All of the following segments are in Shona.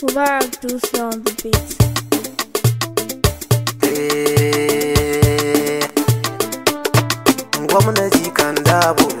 Mubarak do slow on the beat. Hey, eh, I'm coming as you can double.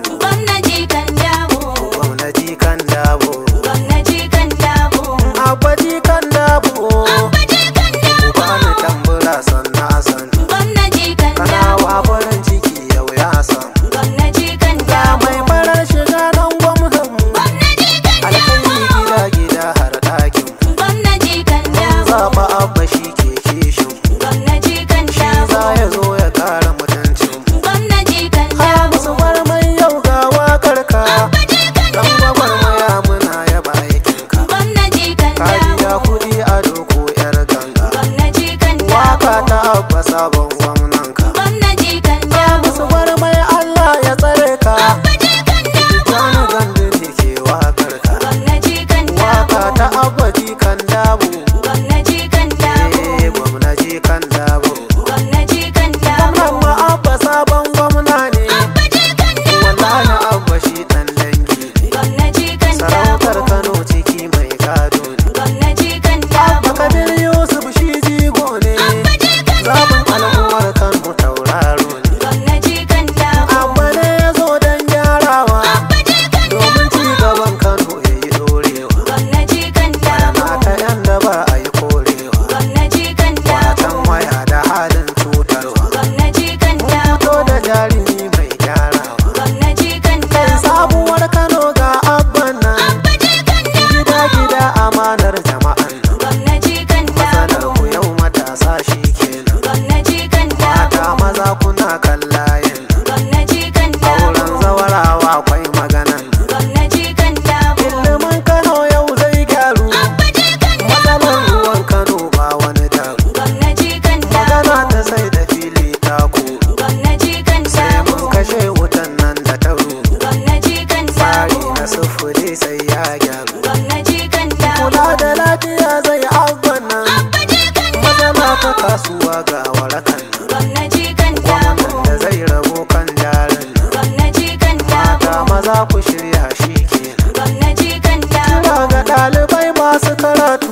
shi kenan gwamnati ga ɗalibai masu karatu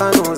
manos